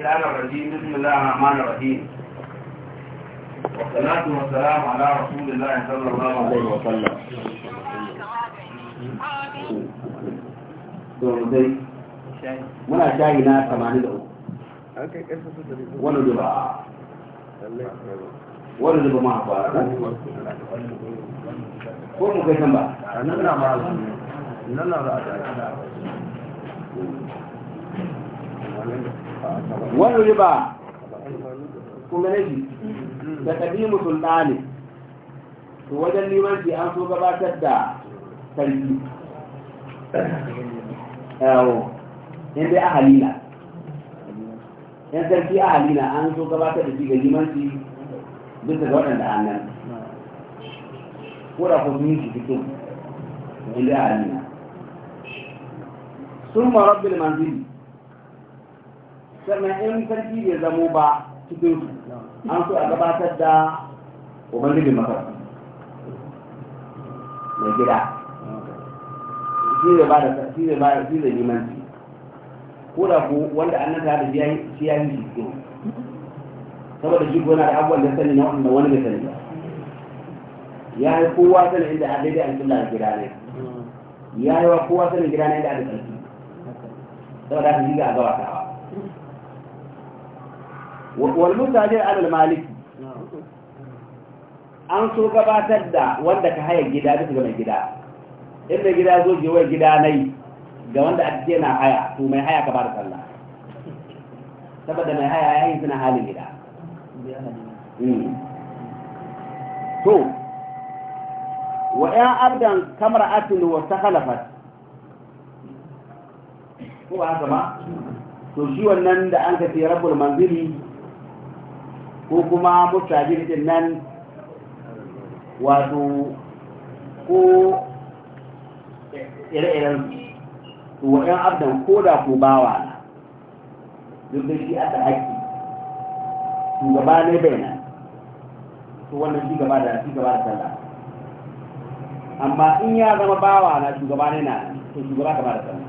الرجيم بسم الله الرحمن الرحيم والصلاة والسلام على رسول الله صلى الله عليه وسلم muna shayi na 83 wani duba wani duba ma ba ko mu kai san ba nan na ba nan wani riba kuma na ji da ƙadimu sultani to wajen limanci an so gabatar da sarki yawo in a halila yan sarki a halila an so gabatar da shi ga limanci bisa ga waɗanda annan ko da kuma yi shi cikin in a halila sun ma rabbi manzili sannan in sarki bai zamo ba cikin su an so a gabatar da ubangijin masar mai gida shi zai ba da shi zai ba da shi zai shi ko da ku wanda an nata da shi ya yi shi so saboda shi gona da abubuwan da sani na wanda wani bai sani ba ya yi kowa sani inda a daidai alƙulla da gida ne ya yi wa kowa sani gida ne inda a da sarki saboda haka shi ga a gabatawa wal mutajir alal maliki an so gabatar da wanda ka haya gida bisa ga mai gida inda gida zo je wai gida nai ga wanda a ce na haya to mai haya ka ba da sallah saboda mai haya ya yi suna halin gida hmm. to wa ya abdan kamar atin wa ta halafat ko ba haka ba to shi wannan da an ka ce rabbul manzili ko kuma mutane din nan wato ko ire-iren wa'yan abdan ko da ko bawa na duk da shi aka haƙƙi shugaba ne bai nan to wannan shi gaba da shi gaba da sallah amma in ya zama bawa na shugaba ne na to shugaba gaba da sallah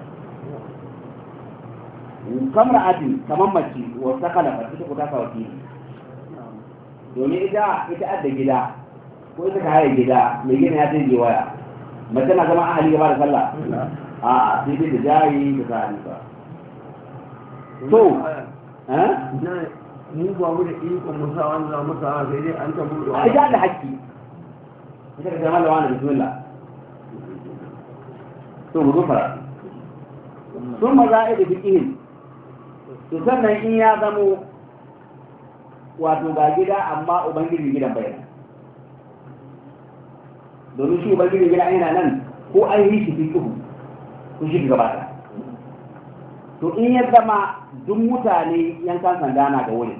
kamar adin kamar mace wata kalafa ita ku ta sa wakili domin ita ita adda gida ko ita ka haya gida mai gina ya tsaye waya mace na zama ahali gaba da sallah a sai dai da jari da sa halifa to eh? mu ba mu da ikon musa wani za musa sai dai an tabu da wani ita da haƙƙi ita ka zama da wani bismillah to mu zufa sun maza da fikihin to sannan in ya zamo wato ga gida amma ubangijin gidan bai domin shi ubangijin gida yana nan ko an yi shi fikihu ku shi gabata to in ya zama duk mutane yankan sanda na ga wurin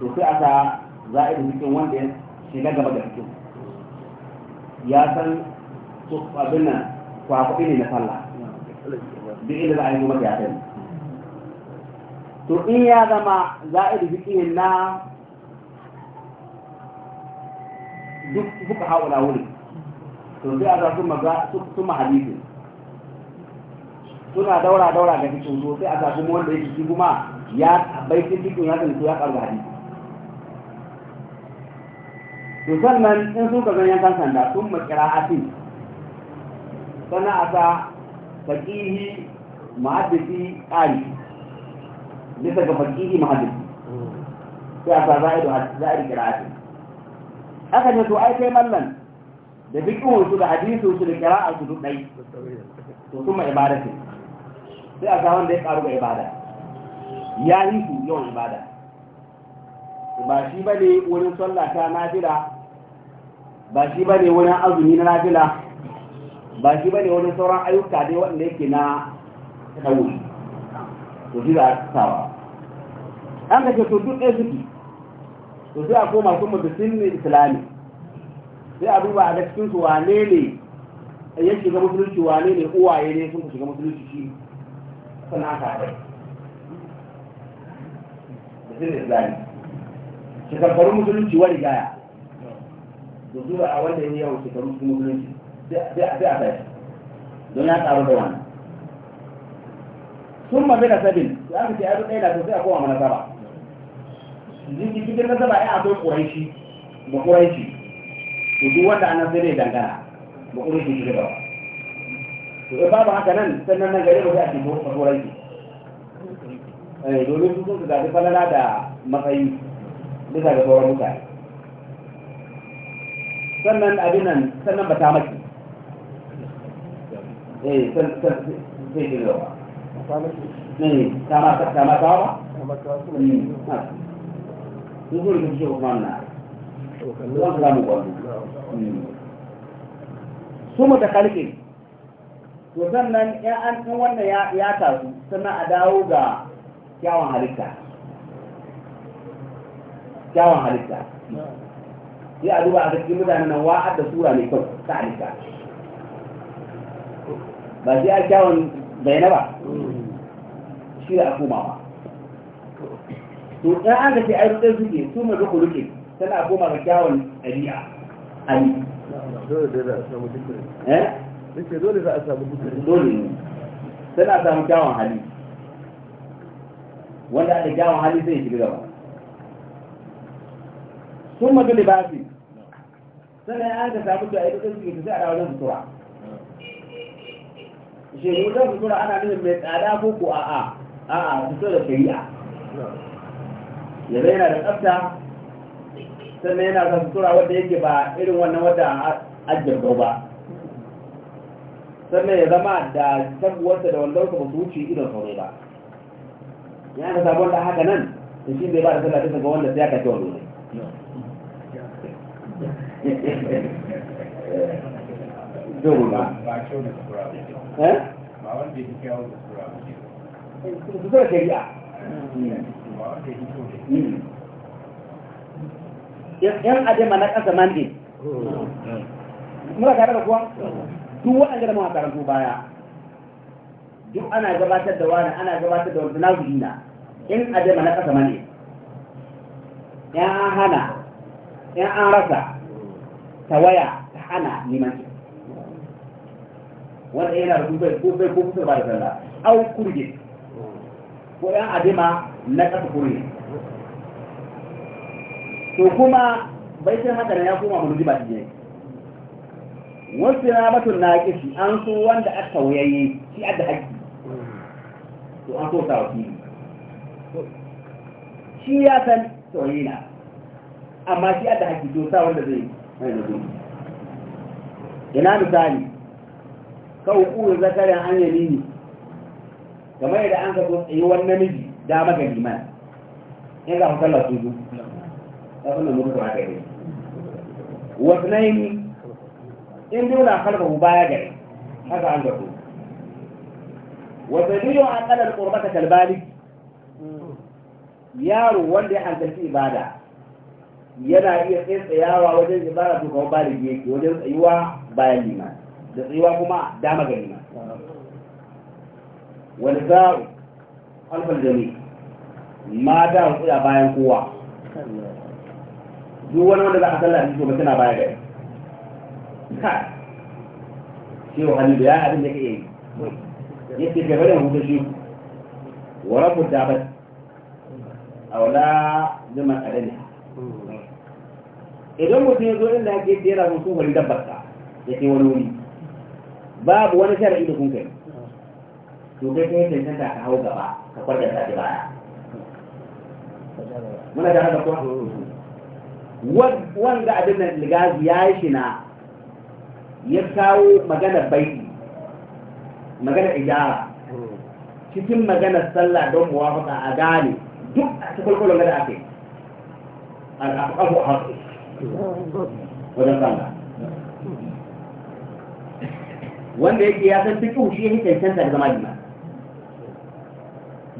to sai a sa za a yi cikin wanda ya shiga gaba da cikin ya san abin nan kwakwabi ne na sallah duk inda za a yi mata ya sani to in ya zama za'id fiqhin na duk fuka haula wuri to sai a za su maza su mahalifi suna daura daura ga cikin zuwa sai a za kuma wanda yake shi kuma ya baitin cikin ya su ya karba hadisi to sannan in sun ka ganyen kan sanda sun makira hafi sannan a sa faƙihi ma'adisi ƙari bisa ga fasihi muhaddisi sai a sa za'idu za'idu qira'ati aka ne to ai kai mallan da fiqhu su da hadisu su da a su duk ɗai to kuma ce sai a sa wanda ya karu ga ibada ya yi su yawan ibada ba shi bane wurin sallata na fila ba shi bane wurin azumi na nafila ba shi bane wurin sauran ayyuka dai wanda yake na tawuri to shi za a sawa an ka ce to duk ɗaya suke to sai a koma kuma da sinni islami sai a duba a ga cikin su wane ne ya shiga musulunci wane ne uwaye ne sun shiga musulunci shi sannan ka da sinni islami shekarun musulunci wani gaya to zuwa a wanda ya yi yau shekarun musulunci sai a tashi don ya tsaro da wani sun mafi da sabin da aka ce abu ɗaya da sosai a kowa mana saba jirgin cikin na saba ya akwai ƙuraishi ba ƙuraishi to duk wanda ana sai dai dangana ba ƙuraishi shi gaba to in babu haka nan sannan nan gari ba sai a ce ba ƙuraishi eh, domin su sun su zafi falala da matsayi bisa ga sauran mutane sannan abin nan sannan ba ta maki eh sannan sai gaba kama kawa ba sun zuri da za mu su mu kalke to sannan an wannan ya tasu sannan a dawo ga kyawun halitta kyawun halitta sai a duba a cikin mutane nan wa da sura mai kyau ta halitta ba sai a kyawun bayyana ba shi a komawa to in an ga ce aiki rudar suke su mai ruku rufe tana a koma ga kyawun ɗabi'a ali dole za a samu dukkan eh? dole ne tana samu kyawun hali wanda da kyawun hali zai shiga gaba sun madu libasi sannan an ka samu to a yi rudar su sai a dawo wajen sutura shi rudar ana nufin mai tsada ko ko a'a a'a fito da shari'a ya yana da tsafta sannan yana sa sutura wadda yake ba irin wannan wadda ajiyarwa ba sannan ya zama da tabbuwarsa da wanda ba basu wuce idon saurai ba ya ka sabon da haka nan da shi bai ba da sallah ta ga wanda sai aka ce wani ne eh? ba wanda ya fi kyawun kusa da yan ajima na ƙasa mandi muna tare da kuwa duk waɗanda da mawa karantu baya duk ana gabatar da wani ana gabatar da wani na gudina in ajima na ƙasa mandi yan an hana yan an rasa ta waya ta hana neman wanda yana da ko bai ko kusa ba da sallah au kurgin ko ‘yan adima na ƙasa kuri to kuma bai sai haka ya koma mu ji ba ne wasu yana batun na kishi an so wanda aka wayaye shi a da haƙi to an so sa wakili shi ya san tsoyi na amma shi a da haƙi to sa wanda zai mai da zuwa ina misali kawo ƙurin zakarin an nini. kamar yadda an tsaye tsayuwar namiji da maka liman in za ku sallar su zu ta suna mutu kuma gare wasu na yi in biyu na kalba ku baya gari haka an zato wasu biyu an kalar kurbata kalbali yaro wanda ya hankalci ibada yana iya tsayawa wajen ibada su kawo baligi yake wajen tsayuwa bayan liman da tsayuwa kuma dama ga liman Wani والباء jami Ma da دا وقيا bayan kowa? duk wani wanda za a sallah shi gobe tana baya gari ka shehu halilu ya abin da ka yi ya ce gaba da hutu shi wa rabu dabat a wala zaman adani idan mutum ya zo inda ake tsera sun sun hori dabbar ya ce wani wuri babu wani shari'i da kun kai to kai kai cancanta ka hau gaba ka kwarda ta ji baya muna da haka kuwa wanda abin da ligazi ya yi shi na ya kawo magana bai magana ijara cikin magana sallah don muwafaka a gane duk a cikin kulkulun da ake al'afafu a haku wajen sallah wanda yake ya san cikin shi ya cancanta da zama jima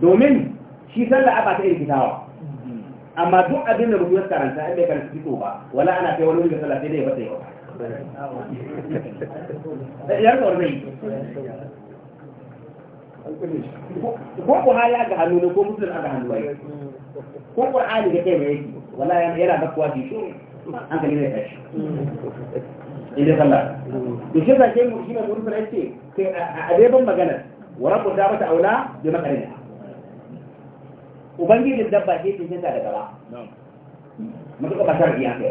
domin shi sallah ba ta irkitawa amma duk abin da mutum ya karanta in bai karanta fito ba wala ana kai wani wanda sallah sai dai ya fata yau eh, yar kawar zai ko ko hali ga hannu ne ko mutum aka hannu bai ko ko qur'ani da kai mai wala yana bakwa shi shi an kalli ne in inda sallah to shi zai mu shi ne mutum sai ce kai a dai ban magana wa rabbu da mata aula bi makarina ubangijin dabba ce ce da gaba matuƙa ka sharadi ya ke.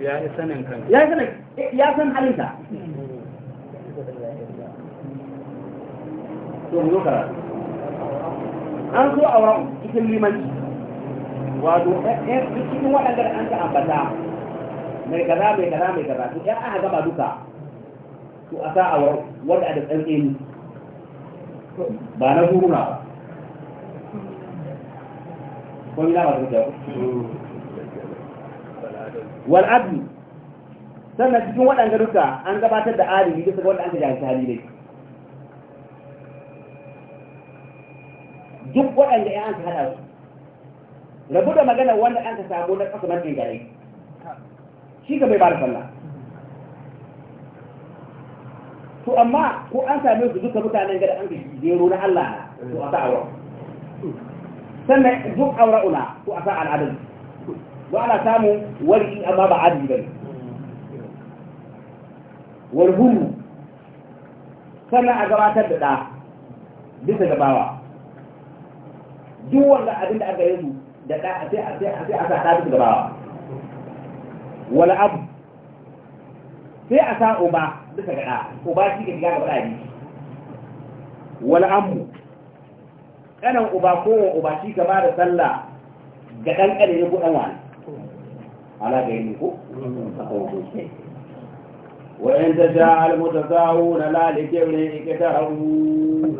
ya yi sanin kan ya sanin halinta to mu karatu an so auren cikin limanci wato eh, eh, cikin waɗanda an ta ambata mai kaza mai kaza mai kaza to ɗan aka gaba duka to a sa auren wanda a da tsarki ne ba na guruna ba ko ina ba zuciya wal adli sannan cikin waɗanda duka an gabatar da adali bisa ga wanda an ka jahilci hali ne duk waɗanda ya an ka haɗa su rabu da magana wanda an ka samu na ƙasa mafi gare shi ka bai ba da falla to amma ko an same su duka mutanen gada an ka jero na Allah to a ta'awa sannan duk aure aura'una ko a sa al'adun ba ana samun wari amma ba adadi ba ne walhulu sannan a gabatar da ɗa bisa gabawa duk wanda abin da aka yi su da ɗa a sai a sa ta bisa gabawa wala abu sai a sa uba bisa ga ɗa uba shi ka shiga gaba ɗa wala amu kanan uba ko uba shi gaba da sallah ga dan kare ne ko dan wani ala ga yin ko wa in da ja al mutazawuna la li jibri ikatahu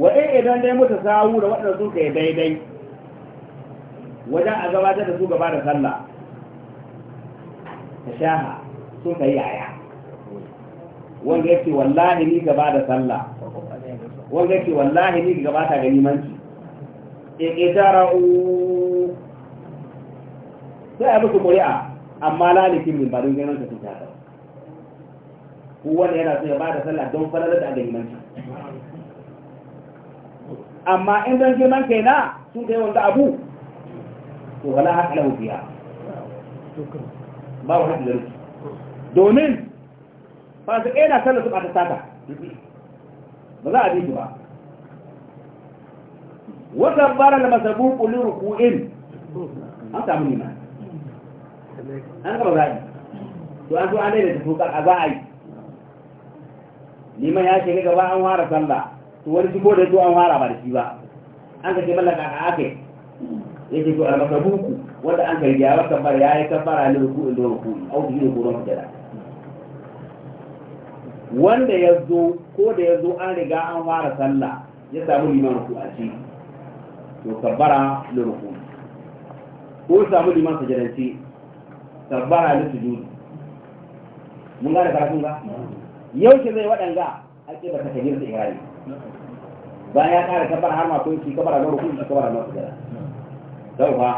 wa in idan dai mutazawu da wadanda su kai daidai wajen a gabatar da su gaba da sallah ta shaha su kai yaya wanda yake wallahi ni gaba da sallah wanda ke wallahi ni gaba ta gani manci in e, itara'u e, sai a musu ƙuri'a amma lalikin min ba don ganin ka sun ta kowane yana so ya ba da sallah don falalar da aka limanci amma in don girman kai na sun kai wanda abu to wala haka lahu fiya ba wa haka domin ba su ƙena sallah su ba ta sata ba za a bi shi ba wata bara da masabu kulur ku'in an samu nima an gaba za a yi to an so an daidaita tokar a za a yi nima ya ga gaba an fara sallah to wani shigo da to an fara ba da shi ba an ka ce mallaka a ake ya ce to ku wanda an ka yi ya kabbara ya yi kafara ne ruku'in da ruku'in auki ne ko don fitara wanda ya zo ko da ya zo an riga an fara sallah ya samu liman ruku a ce to sabbara na ruku ko samu liman sajadanci sabbara na juri mun gane karatun ga yaushe zai waɗanga a ƙiba ta kabir da irani bayan ya ƙara sabbara har ma kun kabara na ruku da kabara na sujada dauka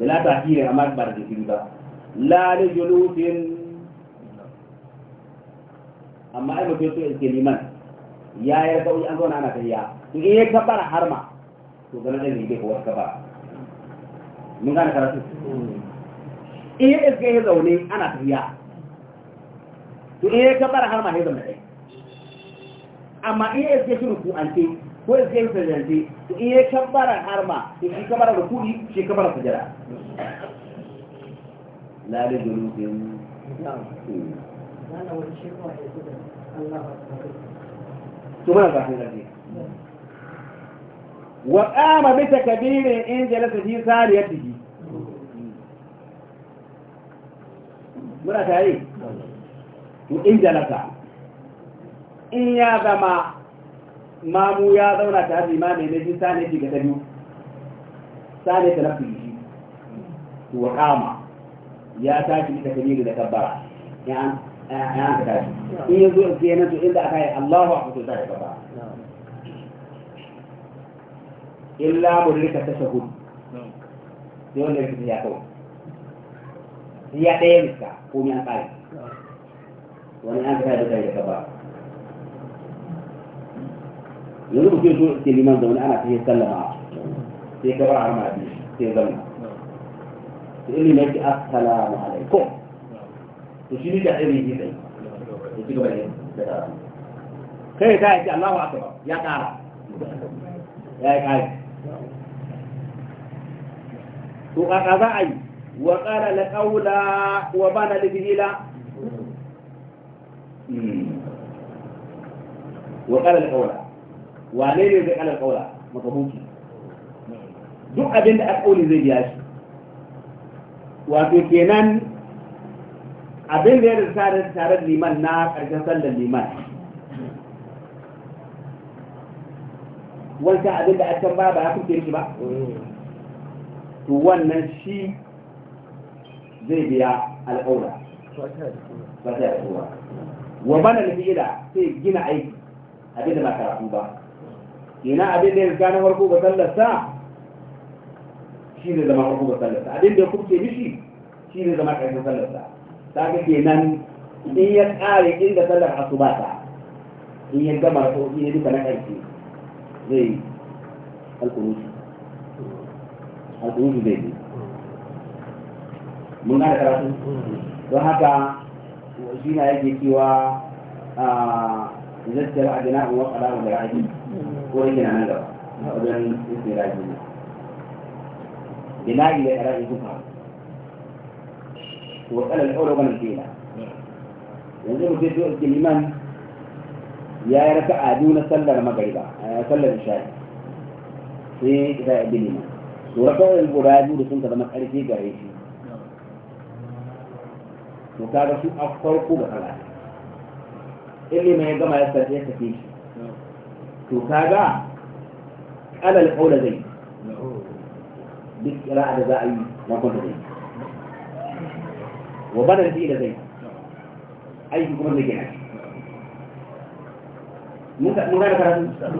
na ta kire amma ba da jikin ba la da julusin amma ai mutum so iske liman ya ya ga an na ana tafiya in ya kabara harma to nan ne ko wata kabara mun gane karatu in ya iske ya zaune ana tafiya to in ya kabara harma ya zaune ɗai amma in ya iske shi ruku'ance ko iske shi sajante to in ya kabara harma to shi kabara ruku'i shi kabara sajara lalai julusin na'am تماذا عن الذين وقام بتكبير إن جلس في ساريته muna tare to in jalasa in ya zama mamu ya zauna ta da mai na sani sane shiga ta biyu sane ta nafi shi to kama ya tashi ita kabiri da kabbara ya an an in ya zo ke nan to inda aka yi Allahu akbar to zai gaba illa mudrika tashahhud sai wanda yake ya kawo ya ɗaya ko mi an ƙare wani an ka tashi da gaba yanzu mutum so ke liman zaune ana fiye sallama sai ka bar sai zama sai ilimin ki assalamu alaikum to shi ne da ɗaya mai kai ya ci gaba da da kai ta yake Allahu akbar ya ƙara ya yi ƙari to ƙaƙa za a yi wa ƙara la ƙaula wa bana da bihila hmm. wa ƙara la ƙaula wane ne zai ƙara la ƙaula makamuki duk abin da aka ƙauli zai biya shi wato kenan abin da ya rinsa da tare da liman na ƙarshen sallar liman wancan abin da a can ba ba ya kuke shi ba to wannan shi zai biya al'aura ba ta yaduwa wa bana da fi'ila sai gina aiki abin da ba karatu ba ina abin da ya rinsa na farko ba sallar shi ne zama farko ba sallar abin da ya kuke mishi shi ne zama ƙarshen sallarsa. kaga kenan in ya kare inda sallar asuba ta in ya gama ko in ya duka na ƙarfi zai alkuruji alkuruji zai yi mun gane karatu don haka shi na yake cewa a zartar adina a wasu alamun da ra'ayi ko yake na nan gaba wajen yin ra'ayi ne bina'i da ra'ayi duka وقال الحول وقال الحيلة ونزلوا يعني في دور الإيمان يا ركع دون سلة آه، ما قريبا سلة الشاهد في إداء الإيمان وركع البراد ورسنت ما قريبا في قريبا وكذا شو أفضل قوة خلاص اللي ما يجمع يستطيع كثير وكذا على الحول زي بس لا أدري ما كنت زي wa bada fi da zai aiki kuma da gina mun ka mun karatu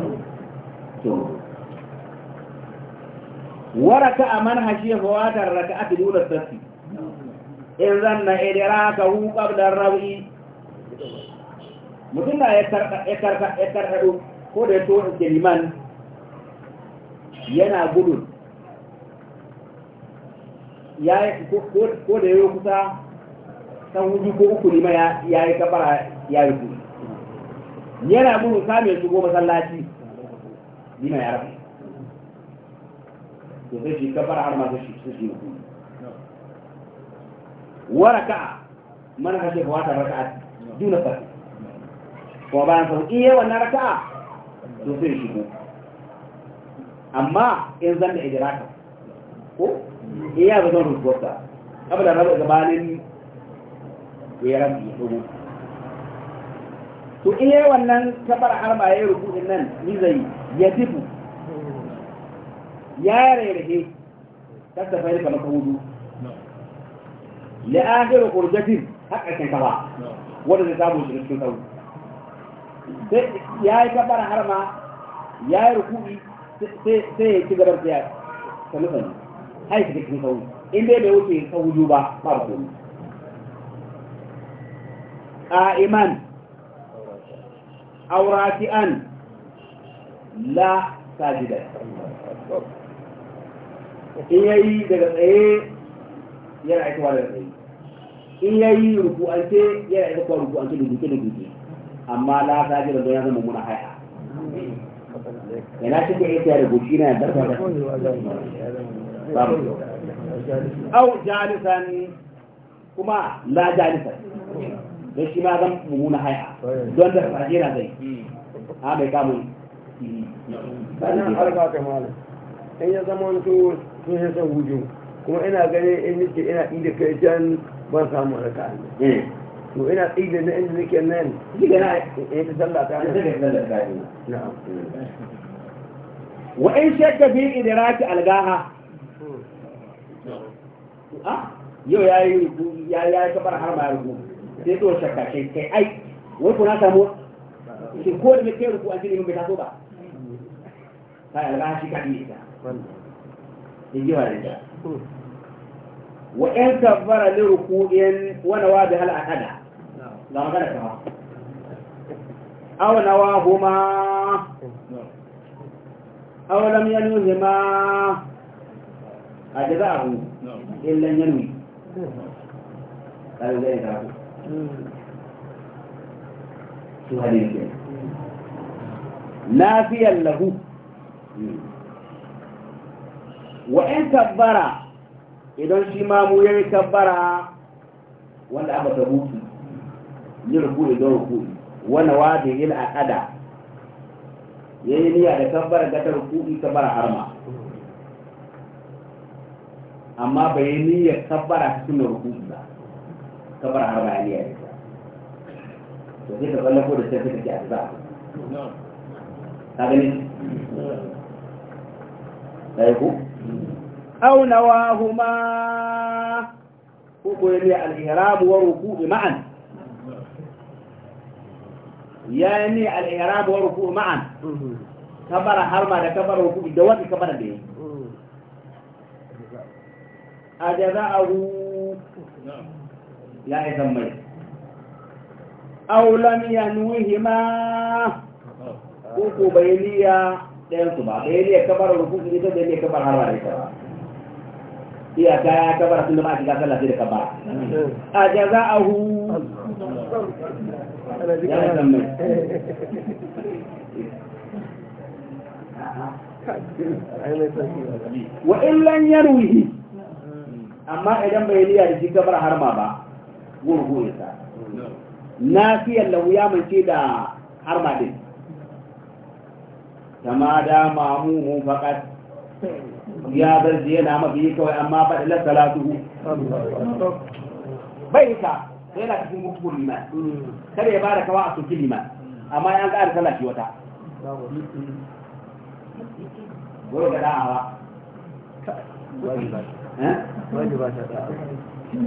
to waraka aman hashiya fawatar raka'at dole sassi in zanna idraka hu mutum na ya karka ya ko da ya to liman yana gudun ya ko da yi kusa san wuji ko uku ne ma ya yi kafara ya yi kuri yana mun samun shigo sallaci lima ya rabu to sai shi kafara har masu shi su shi hukumi waraka mana hashe ka wata raka'a duna ko kuma bayan sau iya wannan raka'a to sai shigo amma in zan da ijiraka ko iya ba zan rubuta na rabu gabanin ya rabu ya dogo to in yayi wannan kabar harma ya rubu din nan ni zai ya dibu ya rarrahe kada ta yi kamar hudu la akhiru qurjatin haka kan kaba wanda zai samu shi cikin sauri ya yi kabar harma ya yi rukuɗi sai ya ci gabar ta ya sanufani har shi cikin sauri in dai bai wuce sauri ba ba ba قائما أو راكئا لا ساجدا in yayi daga tsaye yana aikawa daga tsaye in yayi ruku'ance yana aikawa ruku'ance da duke da duke amma la ta ji da ya zama muna haya yana shi ke yake da goshi na da ba babu au jalisan kuma la jalisan don shi ma zan mummuna haya don da fajera zai hmm. ha bai kamun sannan harka kamala in ya zama wani to sun ya san guju kuma ina ganin in nake ina inda kai can ban samu harka eh. to ina tsida na inda nake nan diga na ya ta sallah ta na'am wa in shakka fi idraki algaha hmm. ah, yau yayi ya yayi kabar har ma ya rubuta sai zuwa shakashe kai ai wai kuna samu shi ko da mai rufu an jini bai taso ba kai alba shi kadi ita in ji wani da wa yan ne kabbara li wani wa nawa bi hal akada ga magana ta aw nawa huma aw lam yanuhima ajza'ahu illa yanwi قالوا لا يدعوه su hadisi lafiyan lahu wa'in tabbara idan shi mamu ya yi tabbara wanda aka tabuki yin da don rukuni wani wadin yin akada ya yi niyya da tabbara ga ta rukuni tabbara harma amma bai yi niyyar tabbara cikin rukuni ba كبر على العالية وكيف قال لك ودي سيفك في أتباع هذا ليه لا يكون أو نواهما وقل لي الإهرام والركوع معا يعني الإهرام والركوع معا كبر حرما ده كبر ركوع دوات كبر به أجزاءه نعم ya yi zammai aulam ya nuhi ma uku bayaniya ɗayansu ba bayaniya kabar rukun ita da ne kabar harwa da ita ba iya ta ya kabar sun da ma shiga sallah da kabar a jaza'ahu ya yi zammai wa illan yarwihi amma idan bai liya da shi har ma ba goma goma ta na fiyan lahu ya mance da harba din kama da mamu mun faƙat ya zarje yana mafi kawai amma faɗilar salatu bai ka sai yana cikin mutuwar liman kada ya ba da kawa a soki liman amma yan ƙara sallah shi wata wani ga da'awa eh? وإن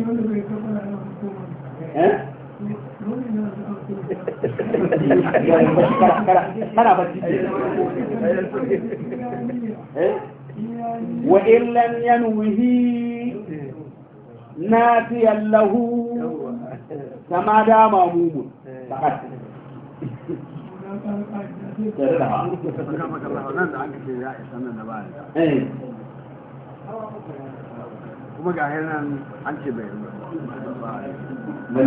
لم ينوه نافيا له كما دام عموما إيه. فقط kuma ga nan an ce bai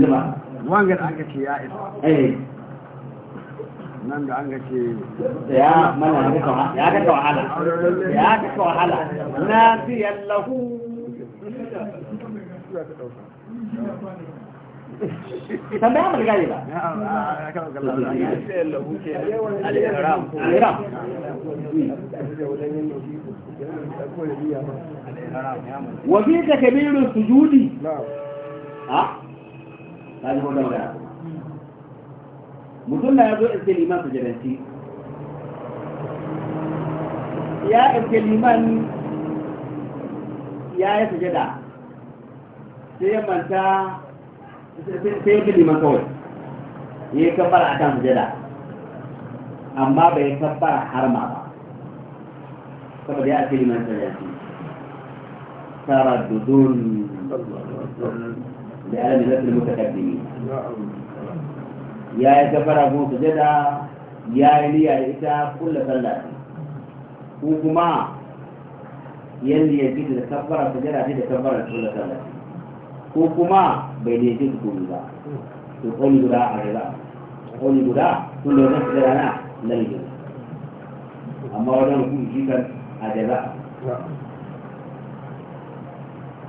ba wanga da aka ce ya isa eh. nan da an gace ya mana ya kaka wahala ya kaka wahala na fiye lahu tambaya mu gane ba wa fi takbiru sujudi ha sai mu gane mutum na yazo iske liman sujudanci ya iske liman ya yi sujada sai ya manta sai ya bi liman kawai ya yi kabbara a kan sujada amma bai kabbara harma ba saboda ya ake liman sujada shi taraddudun da ala milatul mutakaddimi ya yi kabbara ko sujada ya yi niyya ita kulla sallah ko kuma yanda ya bi da kabbara sujada da kabbara kulla sallah ko kuma bai daidai su komi ba to kauli guda a rai ba guda kun da wajen su da rana lalibin amma wajen hukun shi kan a jaza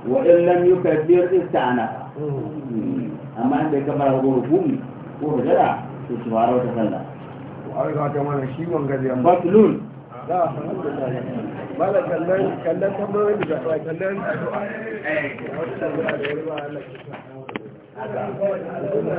wa in lam yukabbir amma in bai kamar hukun hukumi ko hujjara to su fara wata sallah ta mala kallon kallon tambayoyin da ba kallon addu'a eh.